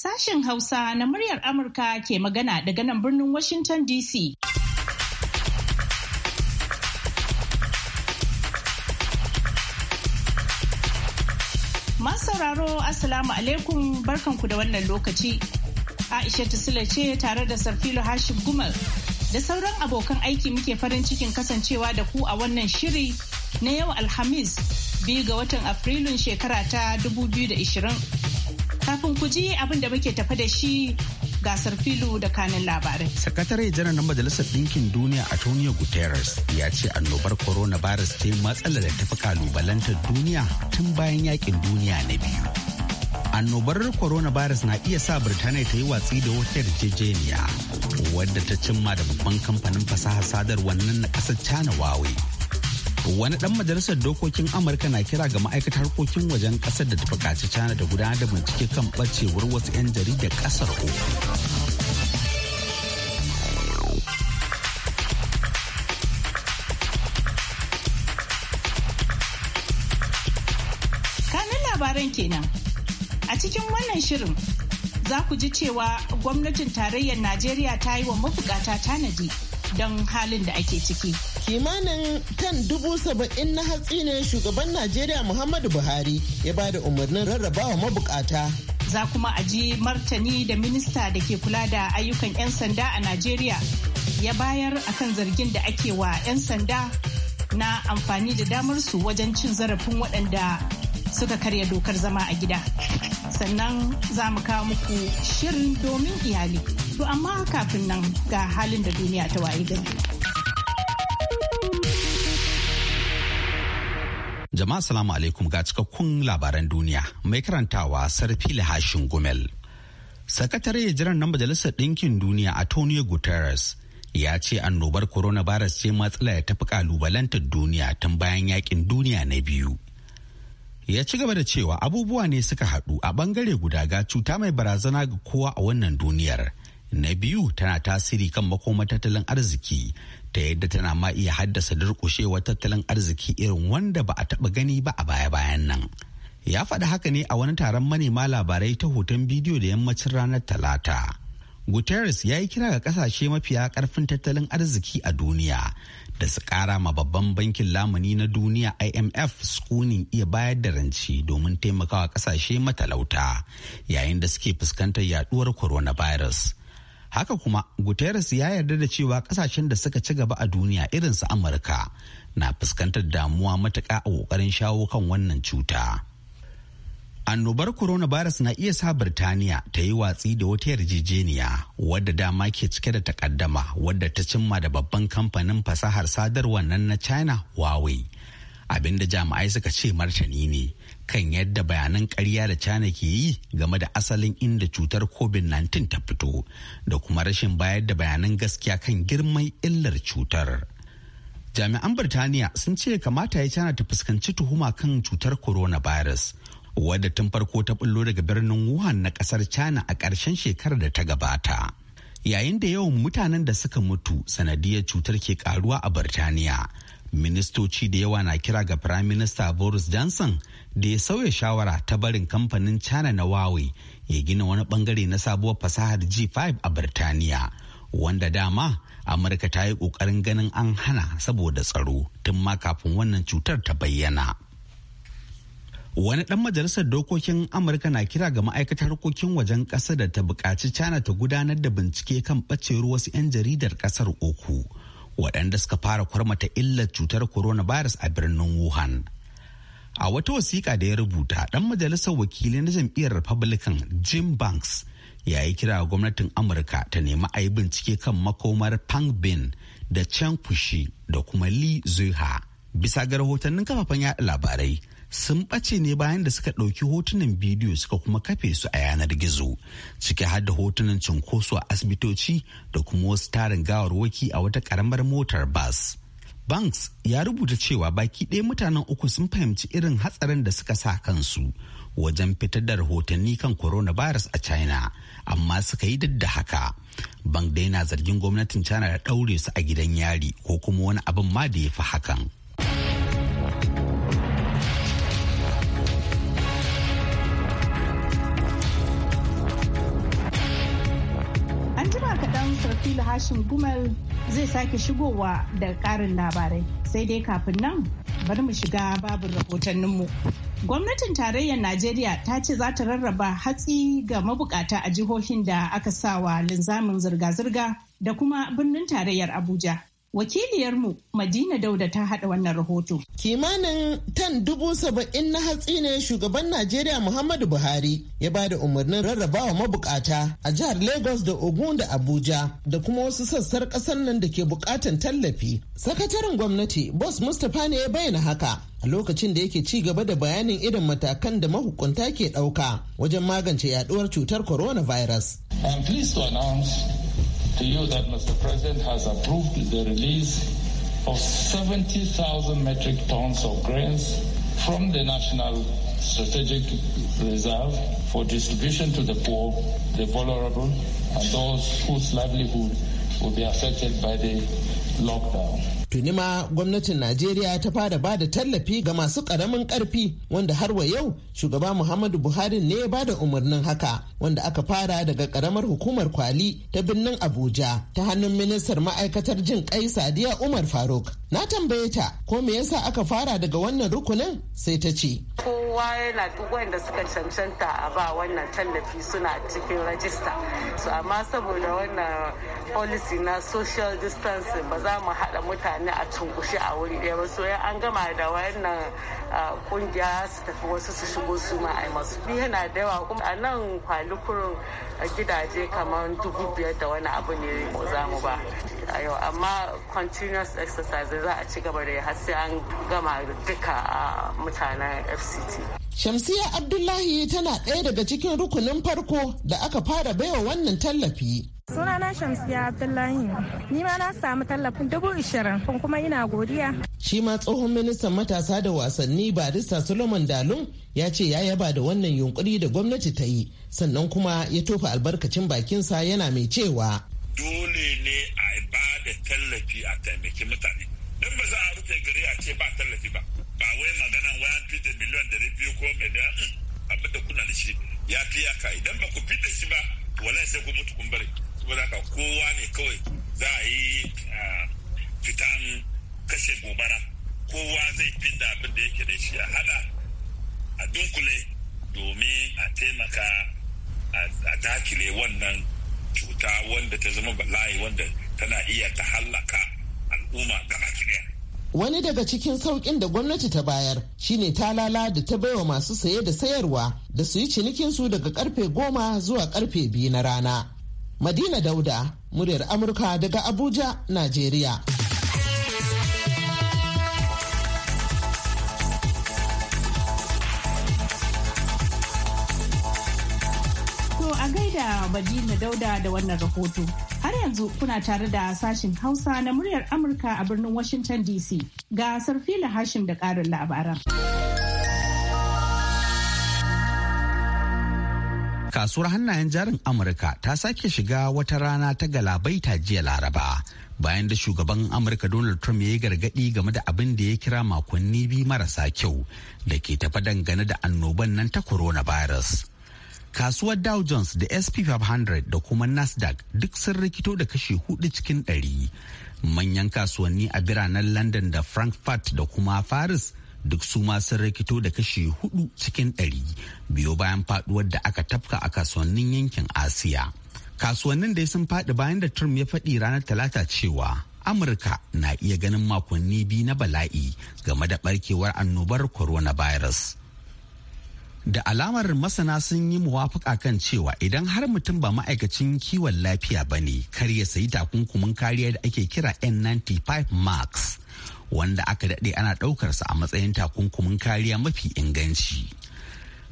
Sashen Hausa na muryar Amurka ke magana daga nan birnin Washington DC. sauraro 'Asalamu alaikum barkanku da wannan lokaci. Aisha Sule ce tare da Sarfilo Hashim Gumal da sauran abokan aiki muke farin cikin kasancewa da ku a wannan shiri na yau Alhamis biyu ga watan Afrilun shekara ta 2020. Kafin ku ji abin da muke tafa da shi gasar filu da kanin labarai. Sakatare janar na Majalisar Dinkin Duniya Antonio Guterres ya ce annobar Corona virus ce matsalar da tafi kalubalantar duniya tun bayan yakin duniya na biyu. Annobar Corona coronavirus na iya sa Birtaniya ta yi watsi da wata yarjejeniya wadda ta cimma da babban kamfanin fasahar sadarwar nan na ƙasar China Huawei. wani dan majalisar dokokin amurka na kira ga ma'aikatar harkokin wajen kasar da ta bukaci china da gudanar da bincike kan ɓacewar wasu 'yan jarida kasar uku kanin labaran kenan a cikin wannan shirin za ku ji cewa gwamnatin tarayyar najeriya ta yi wa mabukata tanadi don halin da ake ciki. kimanin tan dubu saba'in na hatsi ne shugaban najeriya muhammadu buhari ya ba da umarnin rarrabawa mabukata za kuma a ji martani da minista da ke kula da ayyukan 'yan sanda a najeriya ya bayar a kan zargin da ake wa 'yan sanda na amfani da damar su wajen cin zarafin waɗanda suka karya dokar zama a gida sannan za mu kawo muku shirin domin iyali to amma kafin nan ga halin da duniya ta waye gani. Jama'a salamu alaikum ga cikakkun labaran duniya mai karantawa sarfili lahashin gumel. Sakatare ya jiran na Majalisar Ɗinkin Duniya a Antonio Guterres ya ce annobar corona coronavirus ce matsala ya tafi kalubalantar duniya tun bayan yakin duniya na biyu. Ya ci gaba da cewa abubuwa ne suka haɗu a bangare guda ga cuta mai barazana ga kowa a wannan duniyar. Na biyu tana tasiri kan makomar tattalin arziki ta yadda tana ma iya haddasa durƙushewar tattalin arziki irin wanda ba a taɓa gani ba a baya-bayan nan. Ya faɗi haka ne a wani taron manema labarai ta hoton bidiyo da yammacin ranar Talata. Guterres ya yi kira ga ƙasashe mafiya ƙarfin tattalin arziki a duniya da su ƙara ma babban bankin lamuni na duniya IMF sukunin iya bayar da ranci domin taimakawa kasashe matalauta yayin da suke fuskantar yaduwar coronavirus. haka kuma guterres ya yarda da cewa kasashen da suka ci gaba a duniya irin su amurka na fuskantar damuwa matuƙa a ƙoƙarin shawo kan wannan cuta annobar coronavirus na iya sa birtaniya ta yi watsi da wata yarjejeniya wadda dama ke cike da takaddama wadda ta cimma da babban kamfanin fasahar sadarwa nan na china huawei abinda jami'ai suka ce martani ne kan yadda bayanan ƙarya da cana ke yi game da asalin inda cutar COVID-19 ta fito da kuma rashin bayar da bayanan gaskiya kan girman illar cutar. Jami'an Birtaniya sun ce kamata ya cana ta fuskanci tuhuma kan cutar coronavirus wadda tun farko ta bullo daga birnin Wuhan na kasar China a ƙarshen shekarar da ta gabata. Yayin da yawan mutanen da suka mutu sanadiyar cutar ke karuwa a Birtaniya. ministoci da yawa na kira ga prime minister boris johnson da ya sauya shawara ta barin kamfanin china na huawei ya gina wani bangare na sabuwar fasahar g5 a birtaniya wanda dama amurka ta yi kokarin ganin an hana saboda tsaro tun ma kafin wannan cutar ta bayyana wani dan majalisar dokokin amurka na kira ga ma'aikatar harkokin wajen ƙasa da ta buƙaci china ta gudanar da bincike kan ɓacewar wasu 'yan jaridar ƙasar uku waɗanda suka fara kwarmata illar cutar coronavirus a birnin Wuhan. A wata wasiƙa da ya rubuta ɗan majalisar wakili na jam'iyyar Republican Jim Banks ya yi kira gwamnatin Amurka ta nemi a yi bincike kan makomar Pang Bin da Chen Kushi da kuma Li Zuiha. Bisa ga rahotannin kafafen yaɗa labarai, sun ɓace ne bayan da suka ɗauki hotunan bidiyo suka kuma kafe su a yanar gizo ciki har da hotunan cinkoso a asibitoci da kuma wasu tarin gawarwaki a wata karamar motar bas. banks ya rubuta cewa baki ɗaya mutanen uku sun fahimci irin hatsarin da suka sa kansu wajen fitar da rahotanni kan coronavirus a china amma suka yi duk da haka bank da yana zargin gwamnatin china da ɗaure su a gidan yari ko kuma wani abin ma da ya fi hakan Sarfila Hashim Gumal zai sake shigowa da karin labarai. Sai dai kafin nan bari mu shiga babin rahotanninmu. Gwamnatin tarayyar Najeriya ta ce za ta rarraba hatsi ga mabukata a jihohin da aka sawa linzamin zirga-zirga da kuma birnin tarayyar Abuja. Wakiliyarmu Madina Dauda ta haɗa wannan rahoto. Kimanin tan dubu saba'in na hatsi ne shugaban Najeriya Muhammadu Buhari ya ba da umarnin rarrabawa mabukata a jihar Lagos da Ogun da Abuja da kuma wasu sassar ƙasar nan da ke buƙatan tallafi. Sakataren gwamnati Bos Mustapha ne ya bayyana haka a lokacin da yake ci gaba da bayanin irin matakan da mahukunta ke ɗauka wajen magance yaduwar cutar coronavirus. I'm pleased to announce to you that Mr. President has approved the release of 70,000 metric tons of grains from the National Strategic Reserve for distribution to the poor, the vulnerable, and those whose livelihood will be affected by the lockdown. tuni ma gwamnatin najeriya ta fara ba da tallafi ga masu karamin karfi wanda har wa yau shugaba muhammadu buhari ne ya ba da umarnin haka wanda aka fara daga karamar hukumar kwali ta birnin abuja ta hannun ministar ma'aikatar jin kai sadiya umar faruk na tambaye ta ko me yasa aka fara daga wannan rukunin sai ta ce kowa yana duk wanda suka cancanta a ba wannan tallafi suna cikin rajista su amma saboda wannan policy na social distancing ba za mu haɗa mutane mutane a cunkushe a wuri ɗaya ba so an gama da wannan kungiya su tafi wasu su shigo su ma a masu bi yana da yawa kuma a nan kwalukurin gidaje kamar dubu biyar da wani abu ne za mu ba a yau amma continuous exercise za a ci gaba da har sai an gama duka a mutanen fct Shamsiya Abdullahi tana ɗaya daga cikin rukunin farko da aka fara baiwa wannan tallafi Sunana Shamsiya Abdullahi. Ni ma na samu tallafin dubu ishirin kuma ina godiya. Shi ma tsohon ministan matasa da wasanni barista Solomon Dalun ya ce ya yaba da wannan yunkuri da gwamnati ta yi sannan kuma ya tofa albarkacin bakinsa yana mai cewa. Dole ne a ba da tallafi a taimaki mutane. Don ba za a rufe gari a ce ba tallafi ba. Ba wai magana wayan fi da miliyan da biyu ko miliyan hmm, abin da kuna da shi ya fi yaka idan ba ku fi shi ba wala sai ku mutu kun bari. saboda ka kowa ne kawai za a yi fitan kashe gobara kowa zai da abin da yake da shi a hada a dunkule domin a taimaka a dakile wannan cuta wanda ta zama bala'i wanda tana iya ta hallaka al'umma gaba ɗaya. Wani daga cikin saukin da gwamnati ta bayar shine talala da ta baiwa masu saye da sayarwa da su yi cinikinsu daga karfe goma zuwa karfe biyu na rana. Madina Dauda, muryar Amurka daga Abuja, Najeriya. To a gaida Madina Dauda da wannan rahoto. Har yanzu kuna tare da sashin Hausa na muryar Amurka a birnin Washington DC. Ga Sarfila Hashim da ƙarin labaran. Kasuwar hannayen jarin Amurka ta sake shiga wata rana ta galabaita jiya Laraba. Bayan da shugaban Amurka Donald Trump ya yi gargadi game da abin da ya kira makonni biyu marasa kyau da ke tafa dangane da annoban nan ta coronavirus. Kasuwar Dow Jones da SP 500 da kuma Nasdaq duk sun rikito da kashi hudu cikin ɗari. Manyan kasuwanni a biranen London da Frankfurt da kuma Paris duk su ma sun rikito da kashi hudu cikin ɗari biyo bayan faduwar da aka tafka a kasuwannin yankin asiya kasuwannin dai sun faɗi bayan da trump ya faɗi ranar talata cewa amurka na iya ganin makonni biyu na bala'i game da barkewar annobar coronavirus da alamar masana sun yi muwafaka kan cewa idan har mutum ba ma'aikacin kiwon lafiya ba ne kar ya sayi takunkumin kariya da ake kira n95 marks. wanda aka daɗe ana ɗaukarsa a matsayin takunkumin kariya mafi inganci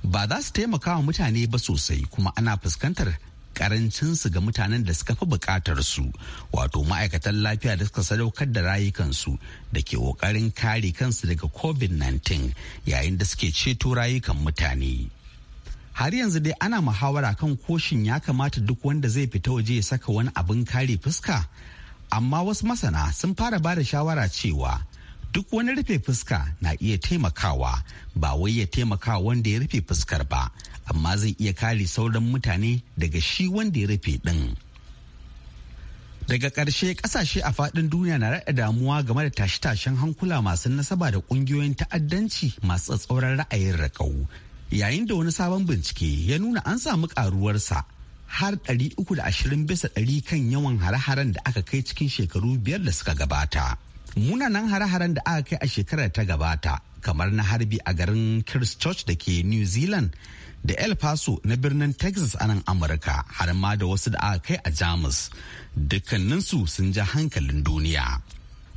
ba za su taimaka wa mutane ba sosai kuma ana fuskantar karancinsu ga mutanen da suka fi bukatar su wato ma'aikatan lafiya da suka sadaukar da rayukansu da ke kokarin kare kansu daga covid-19 yayin da suke ceto rayukan mutane har yanzu dai ana muhawara kan koshin ya kamata duk wanda zai fita waje ya saka wani abin kare fuska amma wasu masana sun fara ba da shawara cewa duk wani rufe fuska na iya taimakawa ba wai ya taimaka wanda ya rufe fuskar ba amma zai iya kare sauran mutane daga shi wanda ya rufe din. daga ƙarshe ƙasashe a faɗin duniya na raɗa damuwa game da tashe-tashen hankula masu nasaba da ƙungiyoyin ta'addanci masu tsatsauran ra'ayin raƙau yayin da wani sabon bincike ya nuna an samu ƙaruwarsa har 320 bisa ɗari kan yawan hare-haren da aka kai cikin shekaru biyar da suka gabata. Munanan hare-haren da aka kai a shekarar ta gabata kamar na harbi a garin Christchurch da ke New Zealand da El Paso na birnin Texas a nan Amurka har ma da wasu da aka kai a Jamus. Dukkaninsu sun ja hankalin duniya.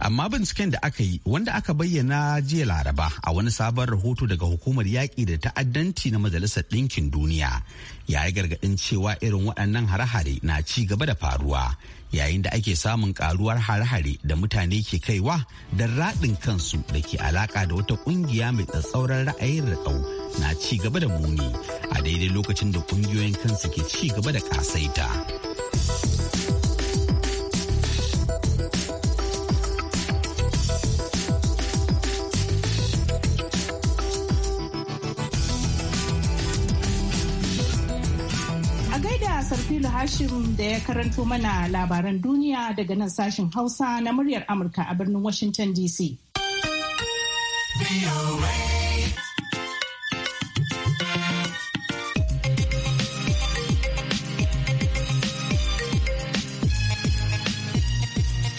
amma binciken da aka yi wanda aka bayyana jiya laraba a wani sabon rahoto daga hukumar yaƙi da ta'addanci na majalisar ɗinkin duniya ya yi gargaɗin cewa irin waɗannan hare-hare na ci gaba da faruwa yayin da ake samun ƙaruwar hare-hare da mutane ke kaiwa da raɗin kansu da ke alaƙa da wata ƙungiya mai tsatsauran ra'ayin riƙau na ci gaba da muni a daidai lokacin da ƙungiyoyin kansu ke ci gaba da ƙasaita. gaida Sarfilu Hashim da ya karanto mana labaran duniya daga nan sashen Hausa na muryar Amurka a birnin Washington DC.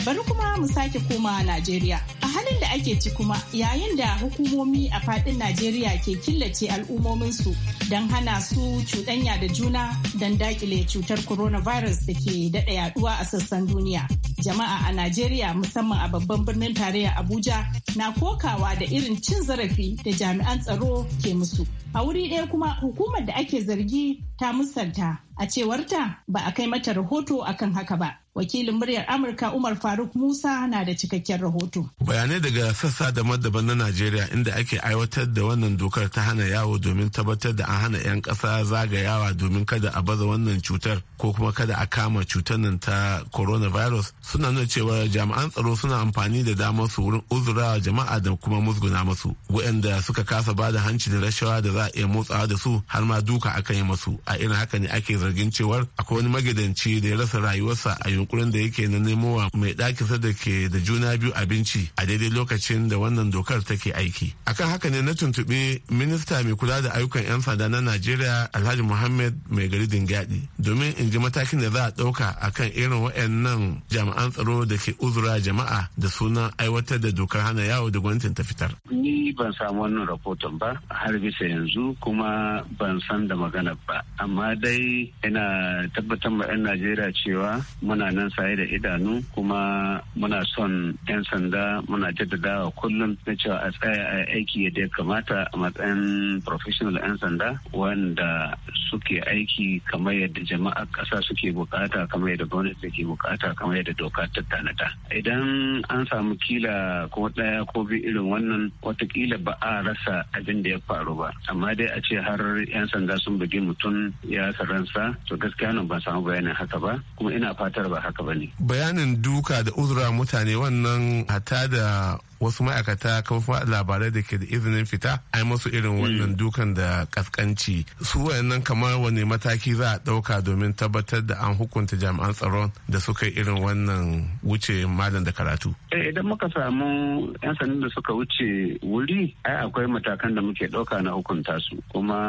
Bari kuma mu sake koma Najeriya. halin da ake ci kuma yayin da hukumomi a fadin Najeriya ke killace al'ummominsu don hana su cuɗanya da juna don dakile cutar coronavirus da ke daɗa yaduwa a sassan duniya. Jama'a a Najeriya musamman a babban birnin tarayya Abuja na kokawa da irin cin zarafi da jami'an tsaro ke musu. A wuri ɗaya kuma hukumar da ake zargi ta musanta A cewarta ba a kai mata rahoto akan haka ba. Wakilin muryar Amurka Umar Faruk Musa na da cikakken rahoto. Bayanai daga sassa daban-daban na Najeriya inda ake aiwatar da wannan dokar ta hana yawo domin tabbatar da an hana 'yan ƙasa zagayawa domin kada a baza wannan cutar ko kuma kada a kama cutar nan ta coronavirus suna nuna cewa jami'an tsaro suna amfani da damar su wurin uzura jama'a da kuma musguna masu waɗanda suka kasa ba da hanci da rashawa da za a iya motsawa da su har ma duka akan yi masu a irin haka ne ake zargin cewar akwai wani magidanci da ya rasa rayuwarsa a yunkurin da yake na nemo wa mai ɗakinsa da ke da juna biyu abinci a daidai lokacin da wannan dokar take aiki. Akan haka ne na tuntuɓi minista mai kula da ayyukan 'yan sanda na Najeriya Alhaji Muhammad mai gari Dingadi domin in ji matakin da za a ɗauka akan irin waɗannan jami'an tsaro da ke uzura jama'a da sunan aiwatar da dokar hana yawo da gwamnatin ta fitar. Ni ban samu wannan rahoton ba har bisa yanzu kuma ban san da magana ba amma dai ina tabbatar ma 'yan najeriya cewa muna nan saye da idanu kuma muna son 'yan sanda muna jaddadawa kullum na cewa a tsaya a aiki yadda ya kamata a matsayin professional 'yan sanda wanda suke aiki kamar yadda jama'a ƙasa suke bukata kamar yadda gwamnati take bukata kamar yadda doka ta tanada idan an samu kila ko ɗaya ko biyu irin wannan watakila ba a rasa abin da ya faru ba amma dai a ce har 'yan sanda sun bugi mutum ya ransa duka to gaskiya nan ban samu bayanin haka ba kuma ina fatar ba haka ba ne. Bayanin duka da uzura mutane wannan hata da wasu ma'aikata kafofin labarai da ke da izinin fita ai masu irin wannan mm. dukan da kaskanci su wayannan kamar wani mataki za a ɗauka domin tabbatar da an hukunta jami'an tsaron da suka yi irin wannan wuce malam da karatu. Eh, idan muka samu 'yan sanin da suka wuce wuri ai akwai matakan da muke ɗauka na hukunta su kuma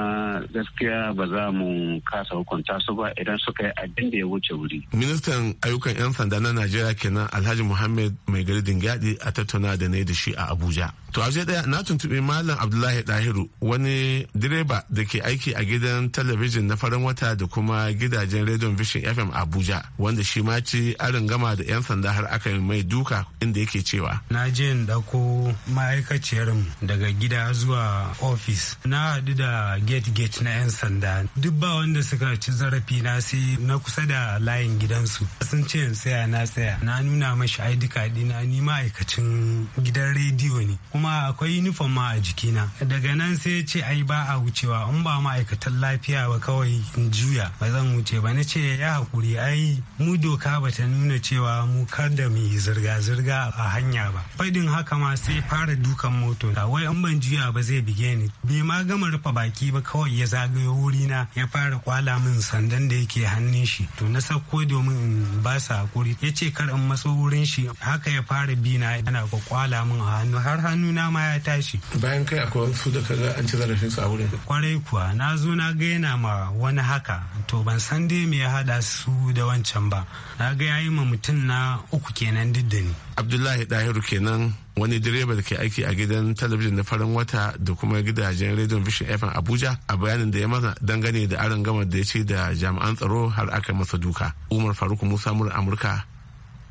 gaskiya ba za mu kasa hukunta su ba idan suka yi abin da ya wuce wuri. ministan ayyukan 'yan sanda na najeriya kenan alhaji muhammad mai gari dingadi a tattauna da ne da shi a abuja To a ɗaya na tuntuɓi Malam Abdullahi Dahiru wani direba da ke aiki a gidan talabijin na farin wata da kuma gidajen rediyon Vision FM Abuja wanda shi ma ci arin gama da 'yan sanda har aka yi mai duka inda yake cewa. Na je in dako ma'aikaciyar daga gida zuwa ofis. Na haɗu da gate gate na 'yan sanda. Duk ba wanda suka ci zarafi na sai na kusa da layin gidansu. Sun ce in tsaya na saya Na nuna mashi ID card na ni ma'aikacin gidan rediyo ne. kuma akwai uniform ma a jikina daga nan sai ce ai ba a wucewa in ba ma'aikatan lafiya ba kawai in juya ba zan wuce ba na ce ya hakuri ai mu doka ba ta nuna cewa mu kada mu yi zirga-zirga a hanya ba faɗin haka ma sai fara dukan moto wai in ban juya ba zai bige ni bai ma gama rufe baki ba kawai ya zagayo na. ya fara kwala min sandan da yake hannun shi to na sauko domin in ba sa hakuri ya ce kar in maso wurin shi haka ya fara bina yana kwakwala min hannu har hannu na ma ya tashi bayan kai akwai wasu da kaga an ci zarafin su a wurin kwarai kuwa na zo na ga ma wani haka to ban san dai me ya hada su da wancan ba na ga yayi ma mutum na uku kenan diddani abdullahi dahiru kenan wani direba da ke aiki a gidan talabijin na farin wata da kuma gidajen rediyon vision fm abuja a bayanin da ya maza dangane da aron gama da ya ce da jami'an tsaro har aka masa duka umar faruk musa mura amurka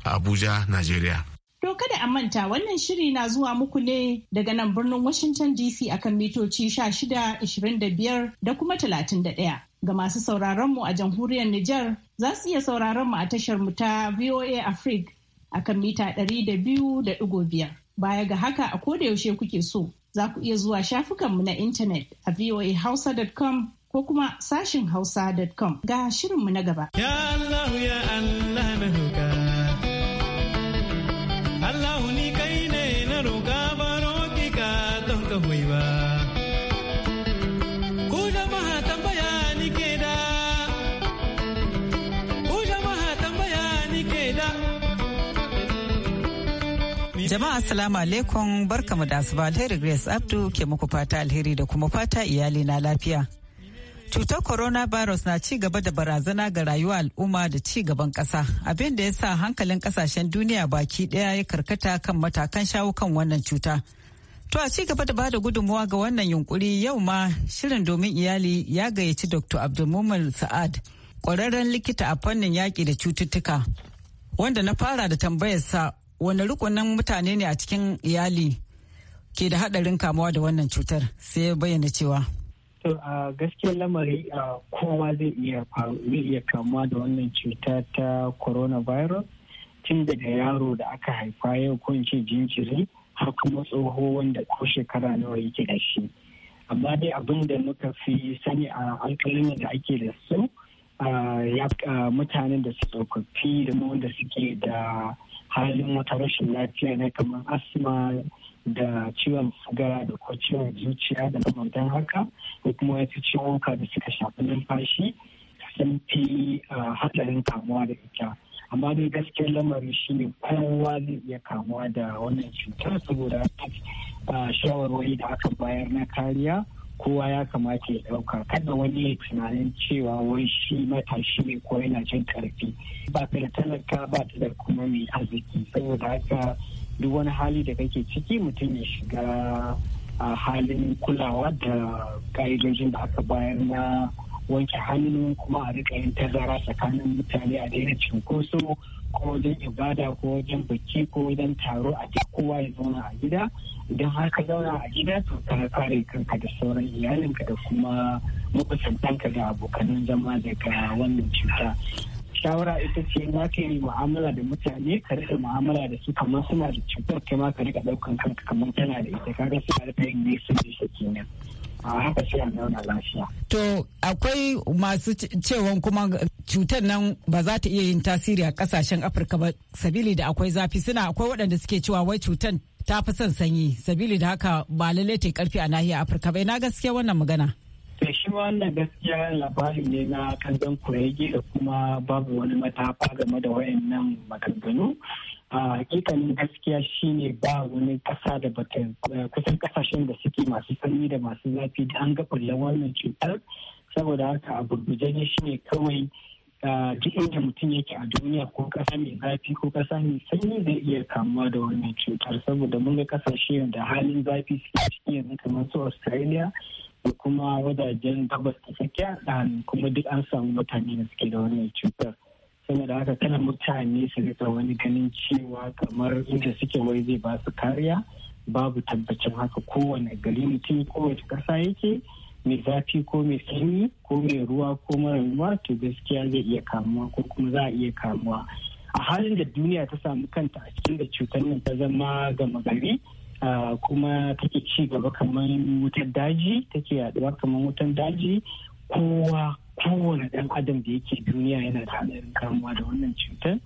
a abuja nigeria To kada a manta wannan shiri na zuwa muku ne daga nan birnin Washington DC akan mitoci 16, 25 da kuma 31. Ga masu sauraronmu a jamhuriyar Nijar za su iya sauraronmu a tashar mu ta VOA Africa akan mita 200.5. Baya ga haka a koda yaushe kuke so za ku iya zuwa shafukanmu na intanet a voahausa.com ko kuma sashin hausa.com ga shirinmu na gaba. Ya Allah ya Allah na Jama'a assalamu alaikum mu da asuba alheri Grace Abdu ke muku fata alheri da kuma fata iyali na lafiya. Cutar Corona virus na ci gaba da barazana ga rayuwa al'umma da ci gaban kasa abin da ya sa hankalin kasashen duniya baki daya ya karkata kan matakan shawo kan wannan cuta. To a ci gaba da bada gudunmuwa ga wannan yunkuri yau ma shirin domin iyali ya gayyaci Dr. Abdulmumin Sa'ad ƙwararren likita a fannin yaƙi da cututtuka. Wanda na fara da tambayarsa wani rukunin mutane ne a cikin iyali ke da hadarin kamuwa da wannan cutar sai bayyana cewa to a gaskiyar lamari kowa zai iya zai iya kamuwa da wannan cutar ta coronavirus tun daga yaro da aka haifa yau ko ce jinjiri har kuma tsoho wanda ko shekara nawa yake da shi amma dai abin da muka fi sani a alkalin da ake da su mutanen da su tsofaffi da wanda suke da halin wata rashin lafiya ne kamar asma da ciwon suga da ko ciwon zuciya da makamantan haka ko kuma wasu ciwonka da suka shafi numfashi sun fi hatsarin kamuwa da ita amma dai gaskiyar lamari shi ne kowa zai iya kamuwa da wannan cutar saboda shawarwari da aka bayar na kariya kowa ya kamata ya ɗauka kada wani ya tunanin cewa wai shi matashi ne ko yana jin karfi ba ta da talaka ba ta da kuma mai arziki saboda haka duk wani hali da kake ciki mutum ya shiga a halin kulawa da ka'idojin da aka bayar na wanke hannu kuma a riƙa yin tazara tsakanin mutane a daina cinkoso ko wajen ibada ko wajen biki ko wajen taro a cikin kowa ya zauna a gida idan har ka zauna a gida to ka kare kanka da sauran iyalinka da kuma makusantanka da abokan zama daga wannan cuta shawara ita ce za ka yi mu'amala da mutane ka rika mu'amala da su kamar suna da cutar kai ma ka rika daukan kanka kamar tana da ita kaga suna da yin nesa da shi kenan haka sai a lafiya. To akwai masu cewa kuma cutar nan ba za ta iya yin tasiri a kasashen Afirka ba sabili da akwai zafi suna akwai waɗanda suke cewa wai cutar ta fi son sanyi sabili da haka ba lalle ta karfi a nahiyar Afirka bai na gaskiya wannan magana. da shi wannan gaskiya labari ne na kanzon kurege da kuma babu wani matafa game da wayannan maganganu a hakikanin gaskiya shine ba wani kasa da bata eh, kusan kasashen da suke masu sanyi da masu zafi da an ga da wannan cutar saboda haka a burbuje ne shine kawai duk inda mutum yake a duniya ko kasa mai zafi ko kasa mai sanyi zai iya kamuwa da wannan cutar saboda mun ga kasashe da halin zafi suke ciki yanzu kamar su australia da kuma wajajen gabas ta tsakiya kuma duk an samu mutane da suke da wannan cutar saboda haka kana mutane su rika wani ganin cewa kamar inda suke wai zai ba su kariya babu tabbacin haka kowane gari mutum kowace kasa yake mai zafi ko mai sanyi ko mai ruwa ko mara ruwa to gaskiya zai iya kamuwa ko kuma za a iya kamuwa a halin da duniya ta samu kanta a cikin da cutar nan ta zama gama gari kuma take ci gaba kamar wutan daji take yaduwa kamar wutan daji kowa kowane ɗan adam da yake duniya yana da haɗarin kamuwa da wannan cutar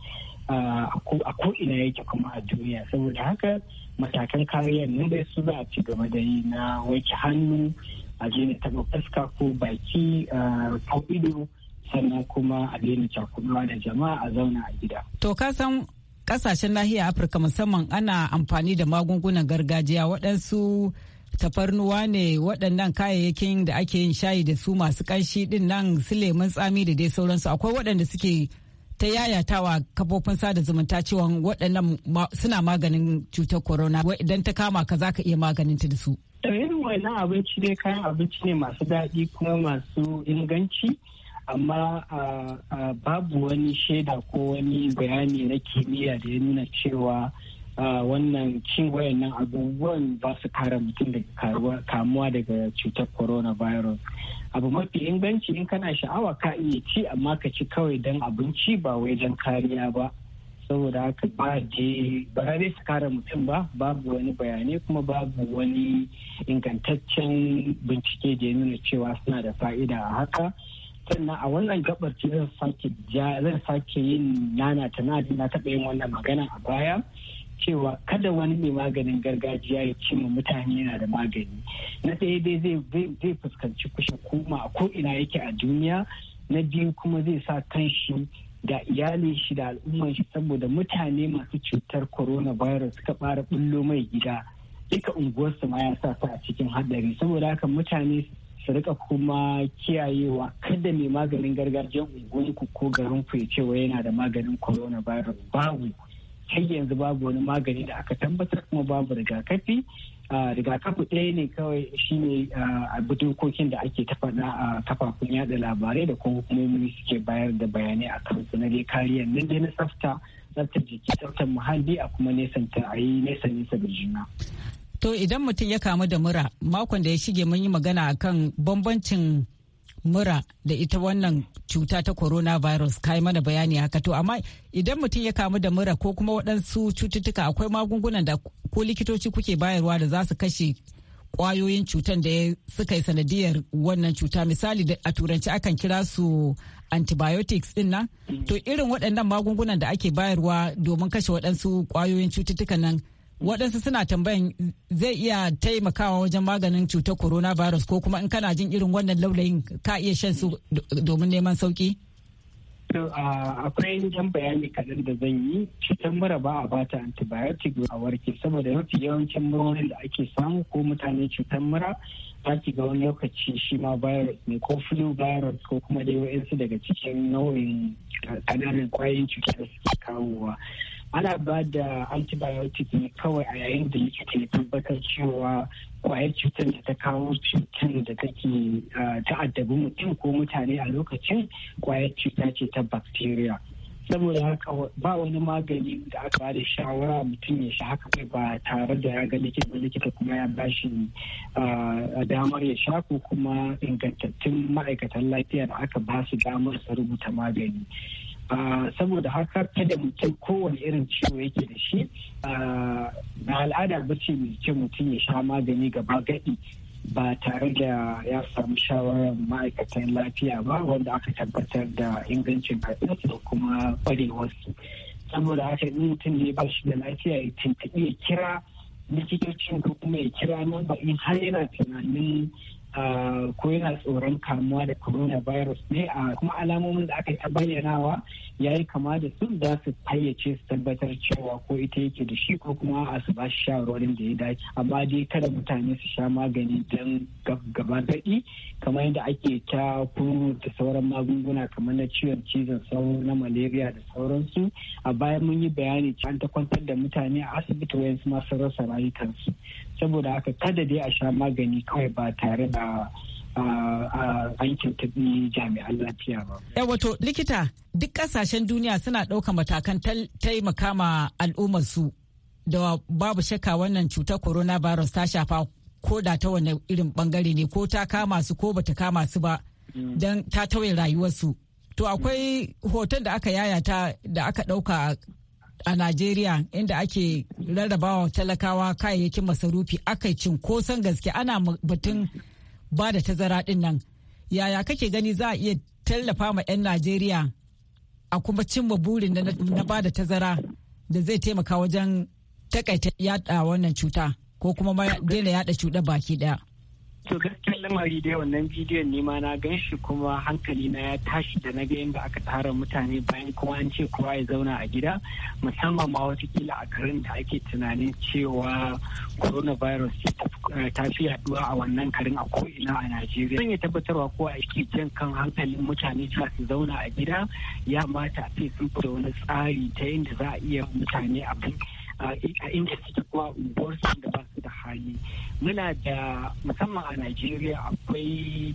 a ko'ina yake kuma a duniya saboda haka matakan kariyar na bai su za a ci gaba da yi na wanke hannu a daina taɓa fuska ko baki ko ido sannan kuma a daina cakuɗuwa da jama'a a zauna a gida. To ka san kasashen nahiyar Afirka musamman ana amfani da magungunan gargajiya waɗansu tafarnuwa ne waɗannan kayayyakin da ake yin shayi da su masu ƙanshi ɗin nan su lemun tsami da dai sauransu akwai waɗanda suke ta yayatawa kafofin sada zumunta cewa waɗannan suna maganin cutar corona idan ta kama ka za ka iya maganin ta da su. irin wannan abinci dai kayan abinci ne masu daɗi kuma masu inganci amma babu wani shaida ko wani bayani na kimiyya da ya nuna cewa wannan cin wayannan abubuwan ba su kare mutum daga kamuwa daga cutar coronavirus abu mafi inganci in kana sha'awa ka iya ci amma ka ci kawai don abinci ba wai don kariya ba saboda haka ba je ba zai su kare mutum ba babu wani bayanai kuma babu wani ingantaccen bincike da ya nuna cewa suna da fa'ida a haka sannan a wannan gabar zan sake yin nana ta na taɓa yin wannan magana a baya cewa kada wani mai maganin gargajiya ya ce ma mutane yana da magani na ɗaya dai zai fuskanci kushe koma ko ina yake a duniya na biyu kuma zai sa kanshi da iyalin shi da al'umman shi saboda mutane masu cutar coronavirus suka fara bullo mai gida duka unguwarsu ma ya sa su a cikin haɗari saboda haka mutane su rika kuma kiyayewa kada mai maganin gargajiyar unguwarku ko garinku ya ce wa yana da maganin coronavirus babu har yanzu babu wani magani da aka tabbatar kuma babu rigakafi rigakafi ɗaya ne kawai shine a dokokin da ake faɗa a kafafun yada labarai da kuma hukumomi suke bayar da bayanai a kan na dai kariyar nan dai na tsafta tsaftar jiki tsaftar muhalli a kuma nesanta a yi nesa nesa da juna to idan mutum ya kamu da mura makon da ya shige mun yi magana akan bambancin mura da ita wannan cuta ta coronavirus ka yi mana bayani haka to amma idan mutum ya kamu da mura ko kuma waɗansu cututtuka akwai magungunan da ko likitoci kuke bayarwa da za su kashe ƙwayoyin cutan da suka yi sanadiyar wannan cuta misali da a turanci akan kira su antibiotics din nan mm. to irin waɗannan magungunan da ake bayarwa domin kashe waɗansu kwayoyin cututtuka nan waɗansu suna tambayan zai iya taimakawa wajen maganin cutar coronavirus ko kuma in kana jin irin wannan laulayin ka iya shan su domin neman sauki? akwai yan bayani kaɗan da zan yi cutar mura ba a bata antibiotic a warke saboda mafi yawancin murorin da ake samu ko mutane cutar mura za ki ga wani lokaci shi ma virus ne ko flu virus ko kuma dai wa'insu daga cikin nau'in kananan kwayoyin cutar da suke kawowa. ana ba da antibiotic ne kawai a yayin da likita ya tabbatar cewa kwayar cutar da ta kawo cutar da take ta'addabi mutum ko mutane a lokacin kwayar cuta ce ta bacteria saboda haka ba wani magani da aka ba da shawara mutum ya sha haka kai ba tare da ya ga likita likita kuma ya ba shi damar ya sha ko kuma ingantattun ma'aikatan lafiya da aka ba su damar su rubuta magani saboda haka kada mutum kowane irin ciwo yake da shi na al'ada ba ce mai kyau mutum ya sha magani gaba gadi ba tare da ya samu shawarar ma'aikatan lafiya ba wanda aka tabbatar da ingancin karfinsu da kuma kwarewarsu saboda haka ni mutum ne ba shi da lafiya ya tuntuɓi ya kira likitocin ko kuma ya kira nan ba in har yana tunanin ko yana tsoron kamuwa da corona virus ne a kuma alamomin da aka yi ta bayyanawa ya yi kama da sun za su fayyace su tabbatar cewa ko ita yake da shi ko kuma a su ba shi shawarwarin da ya dace amma dai kada mutane su sha magani don gaba daɗi kamar yadda ake ta kuru da sauran magunguna kamar na ciwon cizon sauro na malaria da sauransu a baya mun yi bayani cewa an ta kwantar da mutane a asibiti wayansu masu rasa rayukansu saboda haka kada dai a sha magani kawai ba tare da an tuntuɓi jami'an lafiya ba. wato likita duk ƙasashen duniya suna ɗauka matakan taimaka ma al'ummarsu da babu shakka wannan cutar Corona coronavirus ta shafa ko da ta wani irin bangare ne ko ta kama su ko bata kama su ba mm. don ta tauye rayuwarsu. To akwai hoton da aka yayata da aka ɗauka a Najeriya inda ake rarrabawa talakawa kayayyakin masarufi aka kosan gaske ana batun ba da tazara din nan. Yaya kake gani za a iya tallafa ma 'yan Najeriya a kuma cimma burin na ba da tazara da zai taimaka wajen takaita yada wannan cuta ko kuma daina yada cuta baki ɗaya. to gaskiyar lamari dai wannan bidiyon ne ma na gan shi kuma hankali na ya tashi da na ga yadda aka tara mutane bayan kuma an ce kowa ya zauna a gida musamman ma watakila a karin da ake tunanin cewa coronavirus eh, ta fi yaduwa a wannan karin a ko ko'ina a najeriya zan iya tabbatarwa ko a yake jan kan hankalin mutane za su zauna a gida ya mata a ce sun wani tsari ta yadda za a iya mutane abin a inda suke kuma unguwar su da ba su da hali muna da musamman a Najeriya akwai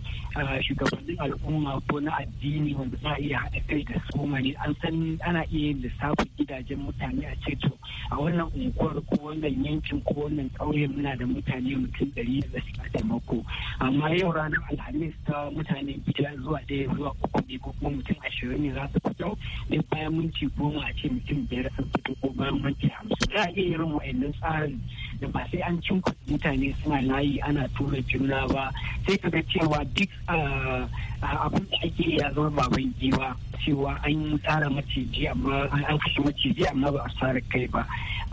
shugabannin al'umma ko na addini wanda za a iya haɗa kai da su mani an san ana iya yin lissafin gidajen mutane a ceto a wannan unguwar ko wannan yankin ko wannan ƙauyen muna da mutane mutum ɗari da suka taimako amma yau ranar alhamis ta mutane biyar zuwa ɗaya zuwa uku ne ko kuma mutum ashirin ne za su fito ne bayan minti goma a ce mutum biyar sun fito ko bayan minti hamsin za iya irin wa'annan tsarin da ba sai an cin mutane suna layi ana tura juna ba sai ka ga cewa duk ah, ah, abin da ake ya zama baban giwa cewa an tsara maciji amma an kashe maciji amma ba a tsara kai ba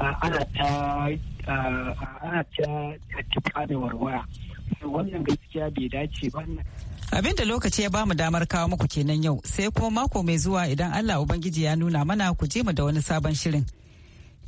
ah, ana ta ana ta da warwara wannan gaskiya bai dace ba Abin da lokaci ya ba mu damar kawo muku kenan yau sai kuma mako mai zuwa idan Allah Ubangiji ya nuna mana ku je mu da wani sabon shirin.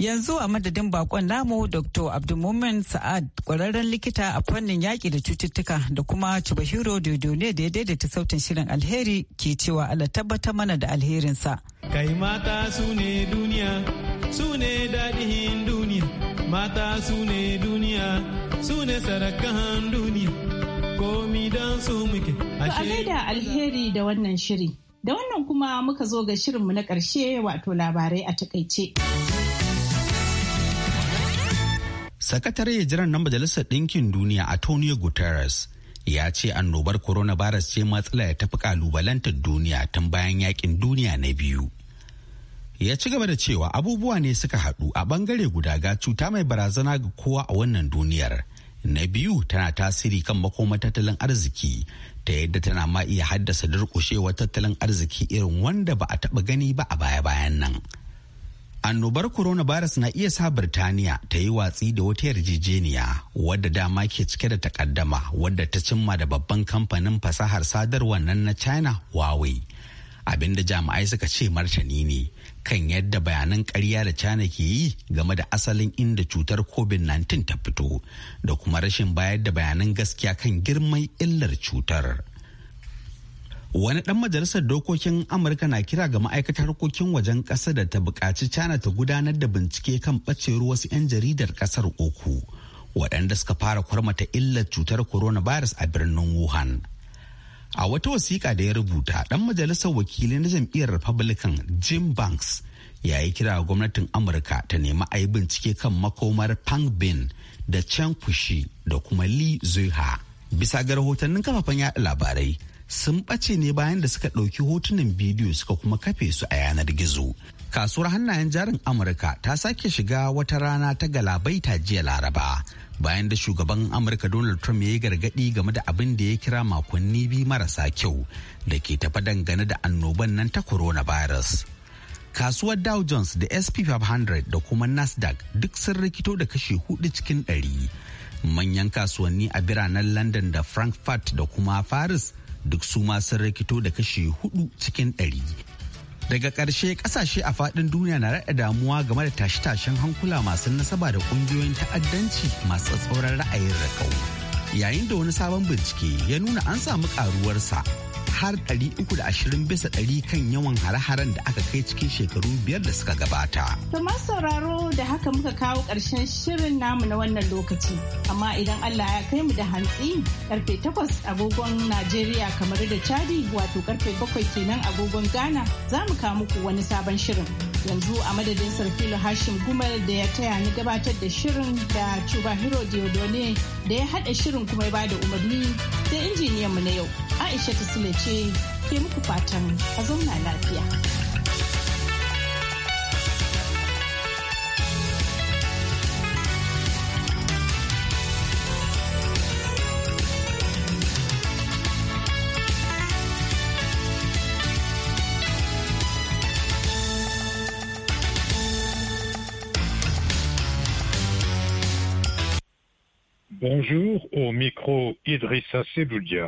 Yanzu a madadin bakon namu Dr. Abdulmumin Sa'ad kwararren likita a fannin yaƙi da cututtuka da kuma Chubahiro ne da ya daidaita sautin shirin alheri ke cewa Allah tabbatar mana da alherinsa. Kai mata su ne duniya, su ne daɗin duniya, mata su ne duniya, su ne sarakan duniya, komi don su muke. Ba a alheri da wannan shiri. Da wannan kuma muka zo ga shirinmu na ƙarshe wato labarai a takaice. sakatare jiran na majalisar ɗinkin duniya antonio guterres ya ce annobar coronavirus ce matsala ya tafi kalubalantar duniya tun bayan yakin duniya na biyu ya ci gaba da cewa abubuwa ne suka haɗu a bangare guda ga cuta mai barazana ga kowa a wannan duniyar na biyu tana tasiri kan makomar tattalin arziki ta yadda tana ma iya haddasa durƙushewar tattalin arziki irin wanda ba a taɓa gani ba a baya-bayan nan. annobar Corona virus na iya sa birtaniya ta yi watsi da wata yarjejeniya wadda dama ke cike da takaddama wadda ta cimma da babban kamfanin fasahar sadarwar nan na china huawei abinda jami'ai suka ce martani ne kan yadda bayanan karya da china ke yi game da asalin inda cutar covid-19 ta fito da kuma rashin bayar da bayanan gaskiya kan girman illar cutar. wani dan majalisar dokokin amurka na kira ga ma'aikatar harkokin wajen ƙasa da ta buƙaci china ta gudanar da bincike kan ɓacewar wasu 'yan jaridar ƙasar uku waɗanda suka fara kwarmata illar cutar coronavirus a birnin wuhan a wata wasiƙa da ya rubuta ɗan majalisar wakili na jam'iyyar republican jim banks ya yi kira ga gwamnatin amurka ta nemi a yi bincike kan makomar pang bin da chen kushi da kuma li zuiha bisa ga rahotannin kafafen yaɗa labarai sun ɓace ne bayan da suka ɗauki hotunan bidiyo suka kuma kafe su a yanar gizo. Kasuwar hannayen jarin Amurka ta sake shiga wata rana ta galabaita jiya Laraba. Bayan da shugaban Amurka Donald Trump ya yi gargaɗi game da abin da ya kira makonni biyu marasa kyau da ke tafa dangane da annoban nan ta coronavirus. kasuwar Dow Jones da SP 500 da kuma Nasdaq duk sun rikito da kashe hudu cikin ɗari. Manyan kasuwanni a biranen London da Frankfurt da kuma Paris duk su ma sun rikito da kashi hudu cikin ɗari. Daga ƙarshe ƙasashe a faɗin duniya na raɗa damuwa game da tashe-tashen hankula masu nasaba da ƙungiyoyin ta'addanci masu tsauran ra'ayin rakau. Yayin da wani sabon bincike ya nuna an samu ƙaruwarsa har 320 bisa ɗari kan yawan hare-haren da aka kai cikin shekaru biyar da suka gabata. ma sauraro da haka muka kawo ƙarshen shirin namu na wannan lokaci. Amma idan Allah ya kai mu da hantsi karfe 8 agogon Najeriya kamar da Chadi wato karfe 7 kenan agogon Ghana za mu kawo muku wani sabon shirin. yanzu a madadin sarfilo hashim gumal da ya taya ni gabatar da shirin da cuba hero diodone da ya haɗa shirin kuma ba da umarni da injiniyanmu na yau aisha ta ce ke muku fatan a zauna lafiya Bonjour au micro Idrissa Seboudia.